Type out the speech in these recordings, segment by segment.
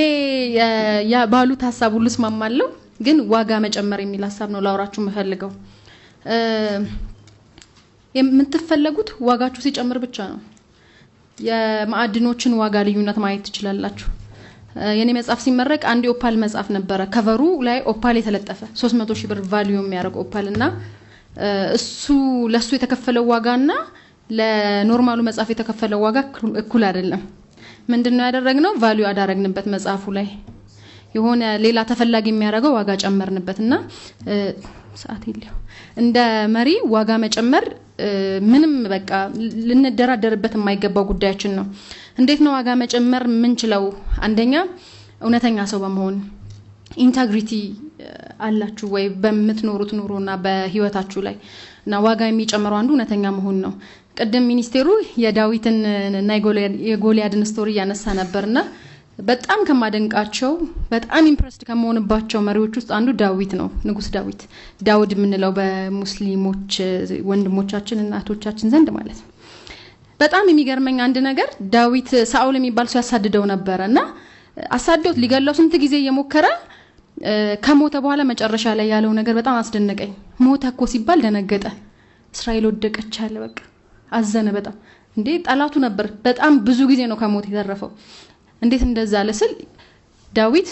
እኔ ባሉት ሀሳብ ሁሉ እስማማለሁ፣ ግን ዋጋ መጨመር የሚል ሀሳብ ነው ላውራችሁ የምፈልገው። የምትፈለጉት ዋጋችሁ ሲጨምር ብቻ ነው። የማዕድኖችን ዋጋ ልዩነት ማየት ትችላላችሁ። የኔ መጽሐፍ ሲመረቅ አንድ ኦፓል መጽሐፍ ነበረ። ከቨሩ ላይ ኦፓል የተለጠፈ 300 ሺህ ብር ቫሊዩ የሚያደርግ ኦፓል እና እሱ ለእሱ የተከፈለው ዋጋ እና ለኖርማሉ መጽሐፍ የተከፈለው ዋጋ እኩል አይደለም። ምንድን ነው ያደረግነው? ቫሊዩ አዳረግንበት መጽሐፉ ላይ የሆነ ሌላ ተፈላጊ የሚያደርገው ዋጋ ጨመርንበት እና ሰዓት የለው እንደ መሪ ዋጋ መጨመር ምንም በቃ ልንደራደርበት የማይገባው ጉዳያችን ነው። እንዴት ነው ዋጋ መጨመር ምንችለው? አንደኛ እውነተኛ ሰው በመሆን ኢንተግሪቲ አላችሁ ወይ በምትኖሩት ኑሮና በህይወታችሁ ላይ እና ዋጋ የሚጨምረው አንዱ እውነተኛ መሆን ነው። ቅድም ሚኒስቴሩ የዳዊትን እና የጎልያድን ስቶሪ እያነሳ ነበርና በጣም ከማደንቃቸው በጣም ኢምፕረስድ ከመሆንባቸው መሪዎች ውስጥ አንዱ ዳዊት ነው። ንጉስ ዳዊት ዳውድ የምንለው በሙስሊሞች ወንድሞቻችን እናቶቻችን ዘንድ ማለት ነው። በጣም የሚገርመኝ አንድ ነገር ዳዊት ሳኦል የሚባል ሰው ያሳድደው ነበረ እና አሳደውት ሊገላው ስንት ጊዜ እየሞከረ ከሞተ በኋላ መጨረሻ ላይ ያለው ነገር በጣም አስደነቀኝ። ሞተ እኮ ሲባል ደነገጠ። እስራኤል ወደቀች አለ በቃ አዘነ በጣም እንዴ ጠላቱ ነበር። በጣም ብዙ ጊዜ ነው ከሞት የተረፈው። እንዴት እንደዛ አለ ስል ዳዊት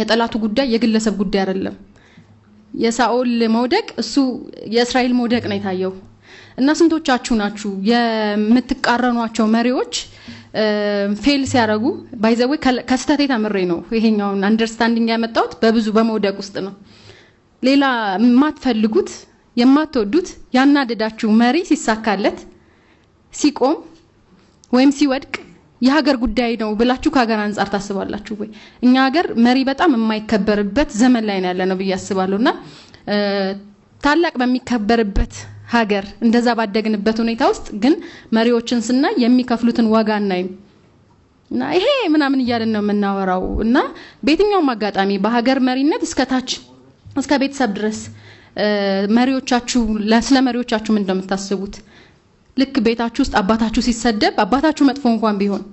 የጠላቱ ጉዳይ የግለሰብ ጉዳይ አይደለም። የሳኦል መውደቅ እሱ የእስራኤል መውደቅ ነው የታየው። እና ስንቶቻችሁ ናችሁ የምትቃረኗቸው መሪዎች ፌል ሲያደርጉ ባይዘወይ ከስተቴ ተምሬ ነው ይሄኛውን አንደርስታንዲንግ ያመጣሁት በብዙ በመውደቅ ውስጥ ነው። ሌላ የማትፈልጉት የማትወዱት ያናደዳችሁ መሪ ሲሳካለት፣ ሲቆም ወይም ሲወድቅ የሀገር ጉዳይ ነው ብላችሁ ከሀገር አንጻር ታስባላችሁ ወይ? እኛ ሀገር መሪ በጣም የማይከበርበት ዘመን ላይ ነው ያለ ነው ብዬ አስባለሁ። እና ታላቅ በሚከበርበት ሀገር እንደዛ ባደግንበት ሁኔታ ውስጥ ግን መሪዎችን ስናይ የሚከፍሉትን ዋጋ እናይም እና ይሄ ምናምን እያልን ነው የምናወራው። እና በየትኛውም አጋጣሚ በሀገር መሪነት እስከታች እስከ ቤተሰብ ድረስ መሪዎቻችሁ ስለ መሪዎቻችሁ ምን እንደምታስቡት ልክ ቤታችሁ ውስጥ አባታችሁ ሲሰደብ አባታችሁ መጥፎ እንኳን ቢሆን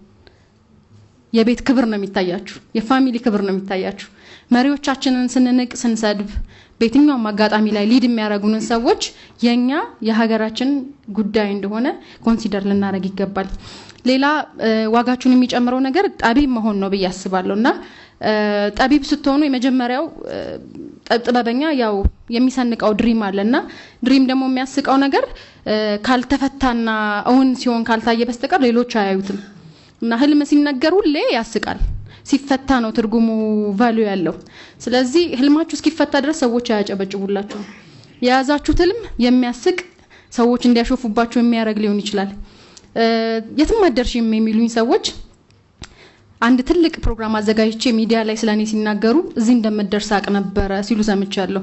የቤት ክብር ነው የሚታያችሁ፣ የፋሚሊ ክብር ነው የሚታያችሁ። መሪዎቻችንን ስንንቅ፣ ስንሰድብ በየትኛውም አጋጣሚ ላይ ሊድ የሚያደረጉንን ሰዎች የእኛ የሀገራችን ጉዳይ እንደሆነ ኮንሲደር ልናደረግ ይገባል። ሌላ ዋጋችሁን የሚጨምረው ነገር ጣቢ መሆን ነው ብዬ አስባለሁ እና ጠቢብ ስትሆኑ የመጀመሪያው ጥበበኛ ያው የሚሰንቀው ድሪም አለ እና ድሪም ደግሞ የሚያስቀው ነገር ካልተፈታና እውን ሲሆን ካልታየ በስተቀር ሌሎች አያዩትም እና ህልም ሲነገር ሁሌ ያስቃል። ሲፈታ ነው ትርጉሙ ቫሉ ያለው። ስለዚህ ህልማችሁ እስኪፈታ ድረስ ሰዎች አያጨበጭቡላችሁ። የያዛችሁት ህልም የሚያስቅ ሰዎች እንዲያሾፉባችሁ የሚያደርግ ሊሆን ይችላል። የትም አደርሽም የሚሉኝ ሰዎች አንድ ትልቅ ፕሮግራም አዘጋጅቼ ሚዲያ ላይ ስለኔ ሲናገሩ እዚህ እንደምደርስ አቅ ነበረ ሲሉ ሰምቻለሁ።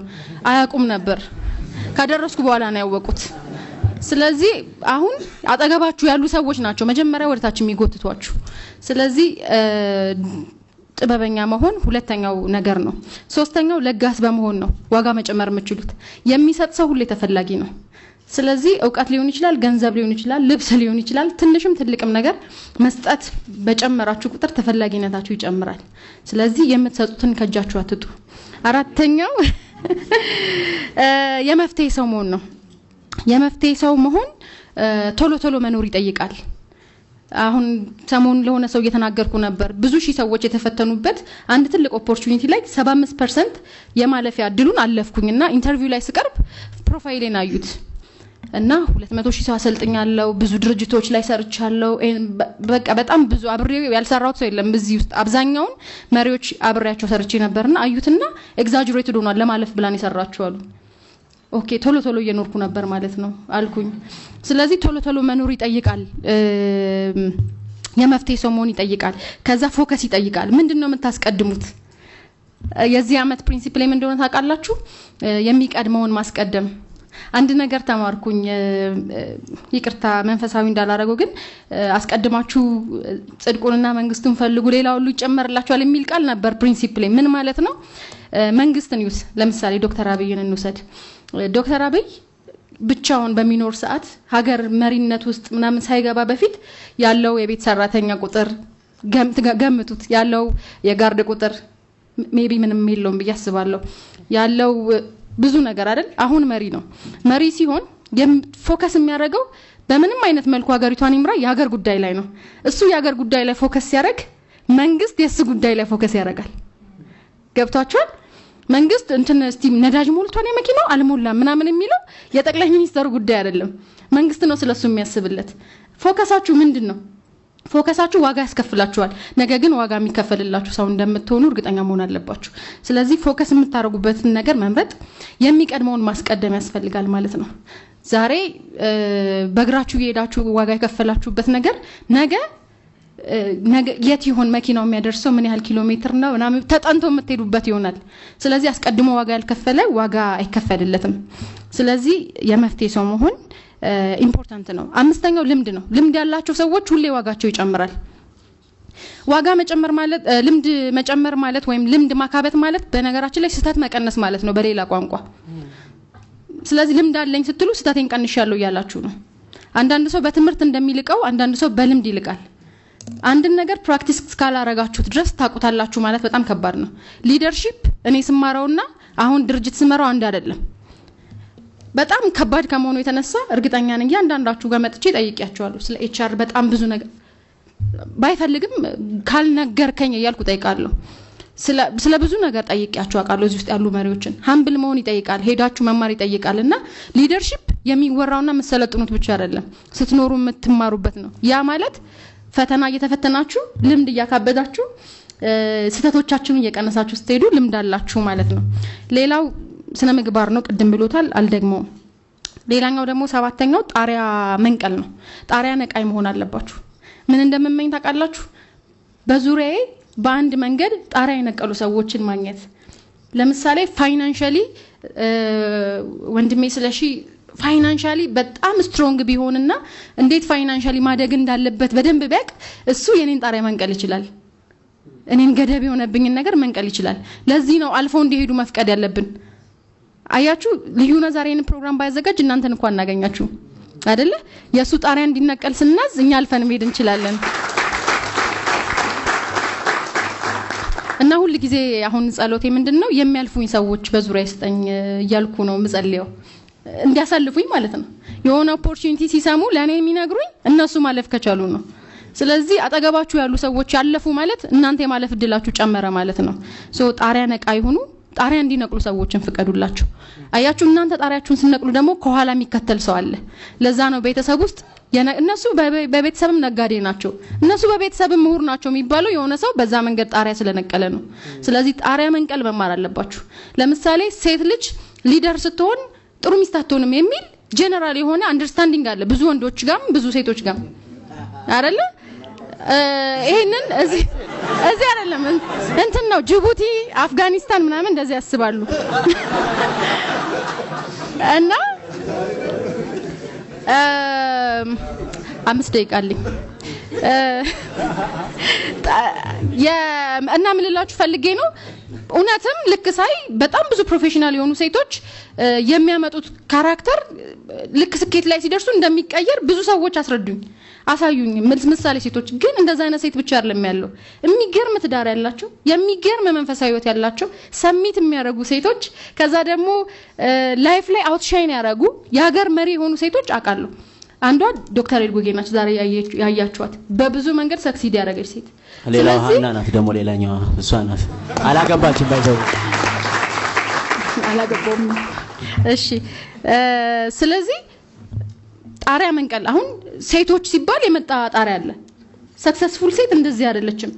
አያውቁም ነበር። ካደረስኩ በኋላ ነው ያወቁት። ስለዚህ አሁን አጠገባችሁ ያሉ ሰዎች ናቸው መጀመሪያ ወደታች የሚጎትቷችሁ። ስለዚህ ጥበበኛ መሆን ሁለተኛው ነገር ነው። ሶስተኛው ለጋስ በመሆን ነው ዋጋ መጨመር የምችሉት። የሚሰጥ ሰው ሁሌ ተፈላጊ ነው። ስለዚህ እውቀት ሊሆን ይችላል፣ ገንዘብ ሊሆን ይችላል፣ ልብስ ሊሆን ይችላል። ትንሽም ትልቅም ነገር መስጠት በጨመራችሁ ቁጥር ተፈላጊነታችሁ ይጨምራል። ስለዚህ የምትሰጡትን ከእጃችሁ አትጡ። አራተኛው የመፍትሄ ሰው መሆን ነው። የመፍትሄ ሰው መሆን ቶሎ ቶሎ መኖር ይጠይቃል። አሁን ሰሞኑን ለሆነ ሰው እየተናገርኩ ነበር። ብዙ ሺህ ሰዎች የተፈተኑበት አንድ ትልቅ ኦፖርቹኒቲ ላይ 75 ፐርሰንት የማለፊያ እድሉን እና ኢንተርቪው ላይ ስቀርብ ፕሮፋይሌን አዩት። እና ሁለት መቶ ሺህ ሰው አሰልጥኛለሁ። ብዙ ድርጅቶች ላይ ሰርቻለሁ። በቃ በጣም ብዙ አብሬ ያልሰራሁት ሰው የለም እዚህ ውስጥ። አብዛኛውን መሪዎች አብሬያቸው ሰርቼ ነበርና አዩትና ኤግዛጅሬትድ ሆኗል ለማለፍ ብላን አሉ። ኦኬ ቶሎ ቶሎ እየኖርኩ ነበር ማለት ነው አልኩኝ። ስለዚህ ቶሎ ቶሎ መኖር ይጠይቃል። የመፍትሄ ሰው መሆን ይጠይቃል። ከዛ ፎከስ ይጠይቃል። ምንድን ነው የምታስቀድሙት? የዚህ ዓመት ፕሪንሲፕል ምን እንደሆነ ታውቃላችሁ? የሚቀድመውን ማስቀደም አንድ ነገር ተማርኩኝ። ይቅርታ መንፈሳዊ እንዳላረገው ግን አስቀድማችሁ ጽድቁንና መንግስቱን ፈልጉ ሌላ ሁሉ ይጨመርላችኋል የሚል ቃል ነበር። ፕሪንሲፕል ምን ማለት ነው? መንግስትን ይውስ ለምሳሌ ዶክተር አብይን እንውሰድ። ዶክተር አብይ ብቻውን በሚኖር ሰዓት ሀገር መሪነት ውስጥ ምናምን ሳይገባ በፊት ያለው የቤት ሰራተኛ ቁጥር ገምቱት፣ ያለው የጋርድ ቁጥር ሜቢ ምንም የለውም ብዬ አስባለሁ። ያለው ብዙ ነገር አይደል? አሁን መሪ ነው። መሪ ሲሆን ፎከስ የሚያደርገው በምንም አይነት መልኩ ሀገሪቷን ይምራ የሀገር ጉዳይ ላይ ነው። እሱ የሀገር ጉዳይ ላይ ፎከስ ሲያደርግ፣ መንግስት የእሱ ጉዳይ ላይ ፎከስ ያደርጋል። ገብቷቸዋል። መንግስት እንትን እስቲ ነዳጅ ሞልቷን የመኪናው አልሞላም ምናምን የሚለው የጠቅላይ ሚኒስተሩ ጉዳይ አይደለም። መንግስት ነው ስለሱ የሚያስብለት። ፎከሳችሁ ምንድን ነው? ፎከሳችሁ ዋጋ ያስከፍላችኋል። ነገ ግን ዋጋ የሚከፈልላችሁ ሰው እንደምትሆኑ እርግጠኛ መሆን አለባችሁ። ስለዚህ ፎከስ የምታደርጉበትን ነገር መምረጥ የሚቀድመውን ማስቀደም ያስፈልጋል ማለት ነው። ዛሬ በእግራችሁ የሄዳችሁ ዋጋ የከፈላችሁበት ነገር ነገ የት ይሆን መኪናው የሚያደርሰው ምን ያህል ኪሎ ሜትር ነው ምናምን ተጠንቶ የምትሄዱበት ይሆናል። ስለዚህ አስቀድሞ ዋጋ ያልከፈለ ዋጋ አይከፈልለትም። ስለዚህ የመፍትሄ ሰው መሆን ኢምፖርታንት ነው። አምስተኛው ልምድ ነው። ልምድ ያላቸው ሰዎች ሁሌ ዋጋቸው ይጨምራል። ዋጋ መጨመር ማለት ልምድ መጨመር ማለት ወይም ልምድ ማካበት ማለት በነገራችን ላይ ስህተት መቀነስ ማለት ነው በሌላ ቋንቋ። ስለዚህ ልምድ አለኝ ስትሉ ስህተቴን ቀንሻለሁ እያላችሁ ነው። አንዳንድ ሰው በትምህርት እንደሚልቀው፣ አንዳንድ ሰው በልምድ ይልቃል። አንድን ነገር ፕራክቲስ እስካላረጋችሁት ድረስ ታቁታላችሁ ማለት በጣም ከባድ ነው። ሊደርሺፕ እኔ ስማረውና አሁን ድርጅት ስመራው አንድ አይደለም። በጣም ከባድ ከመሆኑ የተነሳ እርግጠኛ ነኝ እያንዳንዳችሁ ጋር መጥቼ ጠይቄያችኋለሁ። ስለ ኤችአር በጣም ብዙ ነገር ባይፈልግም ካልነገርከኝ እያልኩ ጠይቃለሁ። ስለ ብዙ ነገር ጠይቄያችሁ አውቃለሁ። እዚህ ውስጥ ያሉ መሪዎችን ሀምብል መሆን ይጠይቃል፣ ሄዳችሁ መማር ይጠይቃል። እና ሊደርሺፕ የሚወራውና የምትሰለጥኑት ብቻ አይደለም፣ ስትኖሩ የምትማሩበት ነው። ያ ማለት ፈተና እየተፈተናችሁ ልምድ እያካበዳችሁ ስህተቶቻችሁን እየቀነሳችሁ ስትሄዱ ልምድ አላችሁ ማለት ነው። ሌላው ስነ ምግባር ነው። ቅድም ብሎታል፣ አልደግመውም። ሌላኛው ደግሞ ሰባተኛው ጣሪያ መንቀል ነው። ጣሪያ ነቃይ መሆን አለባችሁ። ምን እንደምመኝ ታውቃላችሁ? በዙሪያዬ በአንድ መንገድ ጣሪያ የነቀሉ ሰዎችን ማግኘት። ለምሳሌ ፋይናንሻሊ ወንድሜ ስለሺ ፋይናንሻሊ በጣም ስትሮንግ ቢሆንና እንዴት ፋይናንሻሊ ማደግ እንዳለበት በደንብ ቢያቅ እሱ የኔን ጣሪያ መንቀል ይችላል። እኔን ገደብ የሆነብኝን ነገር መንቀል ይችላል። ለዚህ ነው አልፎ እንዲሄዱ መፍቀድ ያለብን። አያችሁ ልዩነ ዛሬ ይህን ፕሮግራም ባያዘጋጅ እናንተን እንኳን እናገኛችሁ አደለ የእሱ ጣሪያ እንዲነቀል ስናዝ እኛ አልፈን መሄድ እንችላለን። እና ሁል ጊዜ አሁን ጸሎቴ ምንድን ነው የሚያልፉኝ ሰዎች በዙሪያ ይስጠኝ እያልኩ ነው ምጸልየው እንዲያሳልፉኝ ማለት ነው። የሆነ ኦፖርቹኒቲ ሲሰሙ ለእኔ የሚነግሩኝ እነሱ ማለፍ ከቻሉ ነው። ስለዚህ አጠገባችሁ ያሉ ሰዎች ያለፉ ማለት እናንተ የማለፍ እድላችሁ ጨመረ ማለት ነው። ጣሪያ ነቃ ይሁኑ። ጣሪያ እንዲነቅሉ ሰዎችን ፍቀዱላቸው። አያችሁ፣ እናንተ ጣሪያችሁን ስነቅሉ ደግሞ ከኋላ የሚከተል ሰው አለ። ለዛ ነው ቤተሰብ ውስጥ እነሱ በቤተሰብም ነጋዴ ናቸው፣ እነሱ በቤተሰብም ምሁር ናቸው የሚባለው የሆነ ሰው በዛ መንገድ ጣሪያ ስለነቀለ ነው። ስለዚህ ጣሪያ መንቀል መማር አለባችሁ። ለምሳሌ ሴት ልጅ ሊደር ስትሆን ጥሩ ሚስት አትሆንም የሚል ጄኔራል የሆነ አንደርስታንዲንግ አለ ብዙ ወንዶች ጋም ብዙ ሴቶች ጋም አይደለ ይሄንን እዚህ እዚህ አይደለም እንትን ነው ጅቡቲ፣ አፍጋኒስታን ምናምን እንደዚህ ያስባሉ እና አምስት ደቂቃ አለኝ እና ምን ልላችሁ ፈልጌ ነው እውነትም ልክ ሳይ በጣም ብዙ ፕሮፌሽናል የሆኑ ሴቶች የሚያመጡት ካራክተር ልክ ስኬት ላይ ሲደርሱ እንደሚቀየር ብዙ ሰዎች አስረዱኝ፣ አሳዩኝ። ምሳሌ ሴቶች ግን እንደዛ አይነት ሴት ብቻ አይደለም ያለው። የሚገርም ትዳር ያላቸው፣ የሚገርም መንፈሳዊ ህይወት ያላቸው ሰሚት የሚያደርጉ ሴቶች፣ ከዛ ደግሞ ላይፍ ላይ አውትሻይን ያደረጉ የሀገር መሪ የሆኑ ሴቶች አውቃለሁ። አንዷ ዶክተር ኤድጎጌ ናቸው ዛሬ ያያችኋት በብዙ መንገድ ሰክሲድ ያደረገች ሴት። ሌላው ሀና ናት፣ ደግሞ ሌላኛዋ እሷ ናት። አላገባችም፣ ባይዘው አላገባውም። እሺ፣ ስለዚህ ጣሪያ መንቀል። አሁን ሴቶች ሲባል የመጣ ጣሪያ አለ። ሰክሰስፉል ሴት እንደዚህ አይደለችም።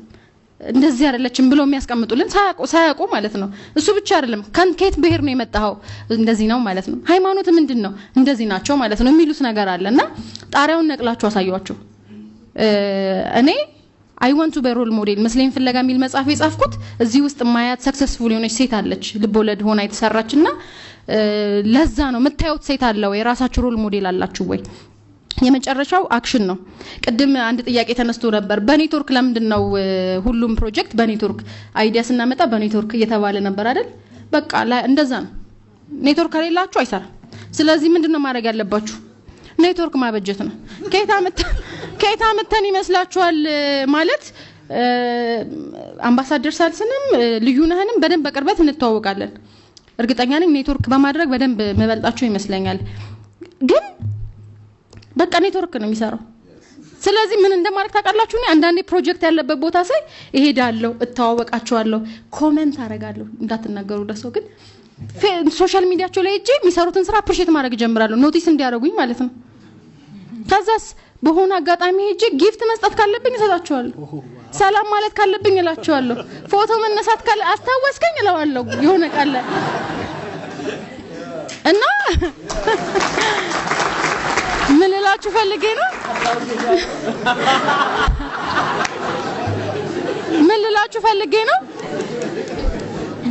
እንደዚህ አይደለችም ብሎ የሚያስቀምጡልን ሳያውቁ ማለት ነው። እሱ ብቻ አይደለም ከየት ብሔር ነው የመጣኸው እንደዚህ ነው ማለት ነው። ሃይማኖት ምንድን ነው እንደዚህ ናቸው ማለት ነው የሚሉት ነገር አለ እና ጣሪያውን ነቅላችሁ አሳያችሁ? እኔ አይወንቱ በሮል ሞዴል መስለኝ ፍለጋ የሚል መጽሐፍ የጻፍኩት እዚህ ውስጥ ማያት ሰክሰስፉል የሆነች ሴት አለች፣ ልቦለድ ሆና የተሰራች እና ለዛ ነው የምታዩት ሴት አለ ወይ? የራሳችሁ ሮል ሞዴል አላችሁ ወይ? የመጨረሻው አክሽን ነው። ቅድም አንድ ጥያቄ ተነስቶ ነበር። በኔትወርክ ለምንድን ነው ሁሉም ፕሮጀክት በኔትወርክ አይዲያ ስናመጣ በኔትወርክ እየተባለ ነበር አይደል? በቃ እንደዛ ነው። ኔትወርክ ከሌላችሁ አይሰራም። ስለዚህ ምንድን ነው ማድረግ ያለባችሁ? ኔትወርክ ማበጀት ነው። ከየት አመተን ይመስላችኋል? ማለት አምባሳደር ሳልስንም ልዩነህንም በደንብ በቅርበት እንተዋወቃለን። እርግጠኛ ነኝ ኔትወርክ በማድረግ በደንብ መበልጣችሁ ይመስለኛል ግን በቃ ኔትወርክ ነው የሚሰራው። ስለዚህ ምን እንደማድረግ ታውቃላችሁ? እኔ አንዳንዴ ፕሮጀክት ያለበት ቦታ ሳይ እሄዳለሁ፣ እተዋወቃቸዋለሁ፣ ኮመንት አደርጋለሁ። እንዳትናገሩ ደሰው ግን ሶሻል ሚዲያቸው ላይ እጄ የሚሰሩትን ስራ ፕርሽት ማድረግ እጀምራለሁ፣ ኖቲስ እንዲያደርጉኝ ማለት ነው። ከዛስ በሆነ አጋጣሚ ሄጄ ጊፍት መስጠት ካለብኝ እሰጣቸዋለሁ። ሰላም ማለት ካለብኝ እላቸዋለሁ። ፎቶ መነሳት ካለ አስታወስከኝ እለዋለሁ። የሆነ ቃለ እና ልላችሁ ፈልጌ ነው። ምን ልላችሁ ፈልጌ ነው?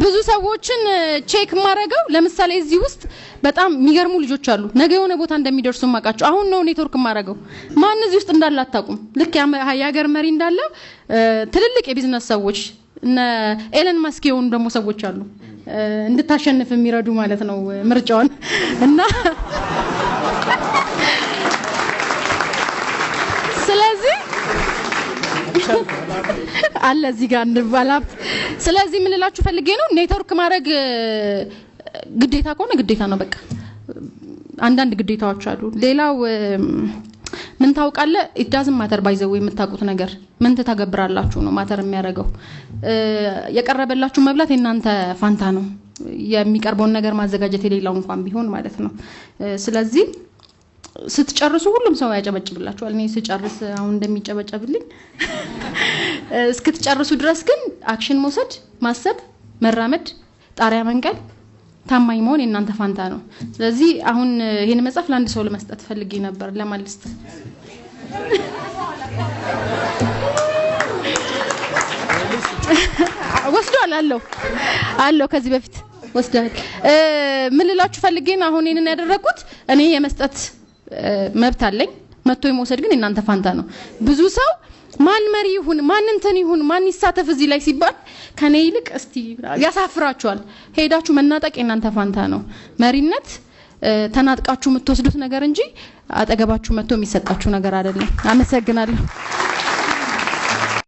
ብዙ ሰዎችን ቼክ ማረገው። ለምሳሌ እዚህ ውስጥ በጣም የሚገርሙ ልጆች አሉ። ነገ የሆነ ቦታ እንደሚደርሱ ማቃቸው አሁን ነው ኔትወርክ ማረገው። ማን እዚህ ውስጥ እንዳለ አታውቁም። ልክ የሀገር መሪ እንዳለ ትልልቅ የቢዝነስ ሰዎች እነ ኤለን ማስክ የሆኑ ደግሞ ሰዎች አሉ እንድታሸንፍ የሚረዱ ማለት ነው ምርጫውን እና አለ እዚህ ጋር እንባላት። ስለዚህ የምንላችሁ ፈልጌ ነው ኔትወርክ ማድረግ ግዴታ ከሆነ ግዴታ ነው በቃ። አንዳንድ ግዴታዎች አሉ። ሌላው ምን ታውቃለ ኢዳዝም ማተር ባይዘው የምታውቁት ነገር ምን ትተገብራላችሁ ነው ማተር የሚያደርገው። የቀረበላችሁ መብላት የእናንተ ፋንታ ነው። የሚቀርበውን ነገር ማዘጋጀት የሌላው እንኳን ቢሆን ማለት ነው። ስለዚህ ስትጨርሱ ሁሉም ሰው ያጨበጭብላችኋል። እኔ ስጨርስ አሁን እንደሚጨበጨብልኝ እስክትጨርሱ ድረስ ግን አክሽን መውሰድ፣ ማሰብ፣ መራመድ፣ ጣሪያ መንቀል፣ ታማኝ መሆን የእናንተ ፋንታ ነው። ስለዚህ አሁን ይህን መጽሐፍ ለአንድ ሰው ለመስጠት ፈልጌ ነበር ለማልስት ወስዷል አለው አለው ከዚህ በፊት ወስዷል። ምን ልላችሁ አሁን ይህንን ያደረግኩት እኔ የመስጠት መብት አለኝ። መጥቶ የመውሰድ ግን የእናንተ ፋንታ ነው። ብዙ ሰው ማን መሪ ይሁን ማን እንትን ይሁን ማን ይሳተፍ እዚህ ላይ ሲባል ከኔ ይልቅ እስቲ ያሳፍራችኋል። ሄዳችሁ መናጠቅ የእናንተ ፋንታ ነው። መሪነት ተናጥቃችሁ የምትወስዱት ነገር እንጂ አጠገባችሁ መጥቶ የሚሰጣችሁ ነገር አይደለም። አመሰግናለሁ።